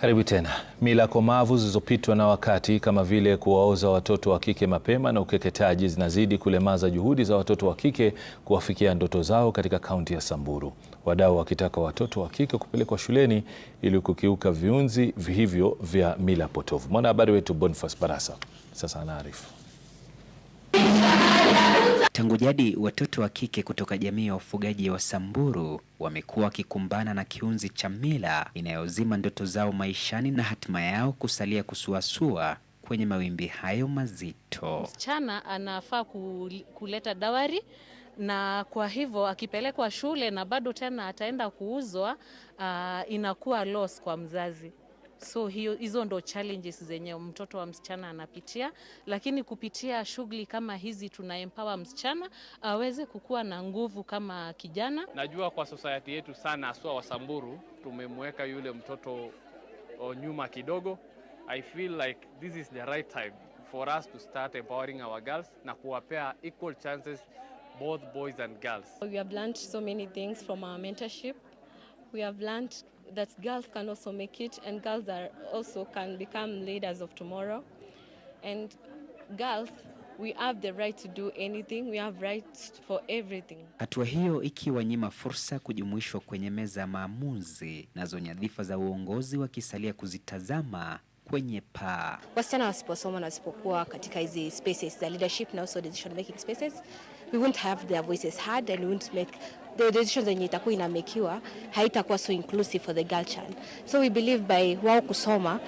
Karibu tena. Mila komavu zilizopitwa na wakati kama vile kuwaoza watoto wa kike mapema na ukeketaji zinazidi kulemaza juhudi za watoto wa kike kuwafikia ndoto zao katika kaunti ya Samburu, wadau wakitaka watoto wa kike kupelekwa shuleni ili kukiuka viunzi hivyo vya mila potovu. Mwanahabari wetu Boniface Barasa sasa anaarifu. Tangu jadi watoto wa kike kutoka jamii ya wafugaji wa Samburu wamekuwa wakikumbana na kiunzi cha mila inayozima ndoto zao maishani na hatima yao kusalia kusuasua kwenye mawimbi hayo mazito. Msichana anafaa kuleta dawari na kwa hivyo akipelekwa shule na bado tena ataenda kuuzwa, uh, inakuwa loss kwa mzazi. So hiyo hizo ndo challenges zenye mtoto wa msichana anapitia, lakini kupitia shughuli kama hizi tuna empower msichana aweze kukua na nguvu kama kijana. Najua kwa society yetu sana, aswa Wasamburu, tumemweka yule mtoto nyuma kidogo. I feel like this is the right time for us to start empowering our girls na kuwapea equal chances both boys and girls. We have learned so many things from our mentorship we have learned that girls can also make it and girls are also can become leaders of tomorrow and girls we have the right to do anything we have rights for everything. Hatua hiyo ikiwanyima fursa kujumuishwa kwenye meza ya maamuzi, nazo nyadhifa za uongozi wakisalia kuzitazama kwenye paa. Wasichana wasiposoma na wasipokuwa katika hizi spaces za leadership na also decision making spaces we won't have their voices heard and we won't make the decisions yenye itakuwa inamekiwa haitakuwa so inclusive for the girl child. So we believe by wao kusoma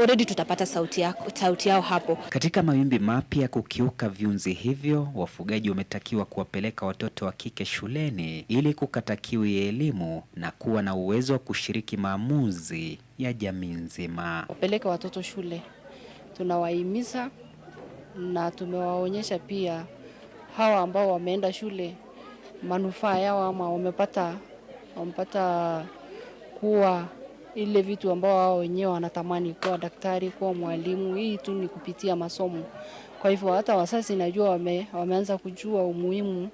already tutapata sauti yao, sauti yao hapo. Katika mawimbi mapya kukiuka viunzi hivyo, wafugaji wametakiwa kuwapeleka watoto wa kike shuleni ili kukata kiu ya elimu na kuwa na uwezo wa kushiriki maamuzi ya jamii nzima. Wapeleke watoto shule, tunawahimiza na tumewaonyesha pia hawa ambao wameenda shule manufaa yao ama wamepata, wamepata kuwa ile vitu ambao wao wenyewe wanatamani kuwa daktari, kuwa mwalimu. Hii tu ni kupitia masomo. Kwa hivyo hata wasasi najua wame, wameanza kujua umuhimu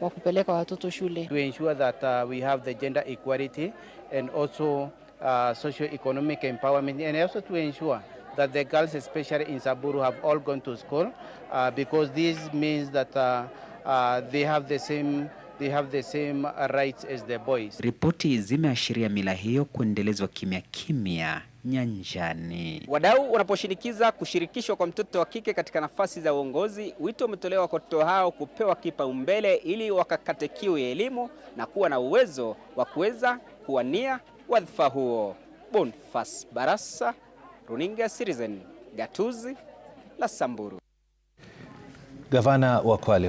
wa kupeleka watoto shule. To ensure that uh, we have the gender equality and also uh, socio economic empowerment and also to ensure that the girls, especially in Saburu, have all gone to school uh, because this means that uh, uh, they have the same They have the same rights as the boys. Ripoti zimeashiria mila hiyo kuendelezwa kimya kimya nyanjani. Wadau wanaposhinikiza kushirikishwa kwa mtoto wa kike katika nafasi za uongozi, wito umetolewa kwa watoto hao kupewa kipaumbele ili wakakate kiu ya elimu na kuwa na uwezo wa kuweza kuwania wadhifa huo. Bonfas Barasa, Runinga Citizen, gatuzi la Samburu. Gavana wa Kwale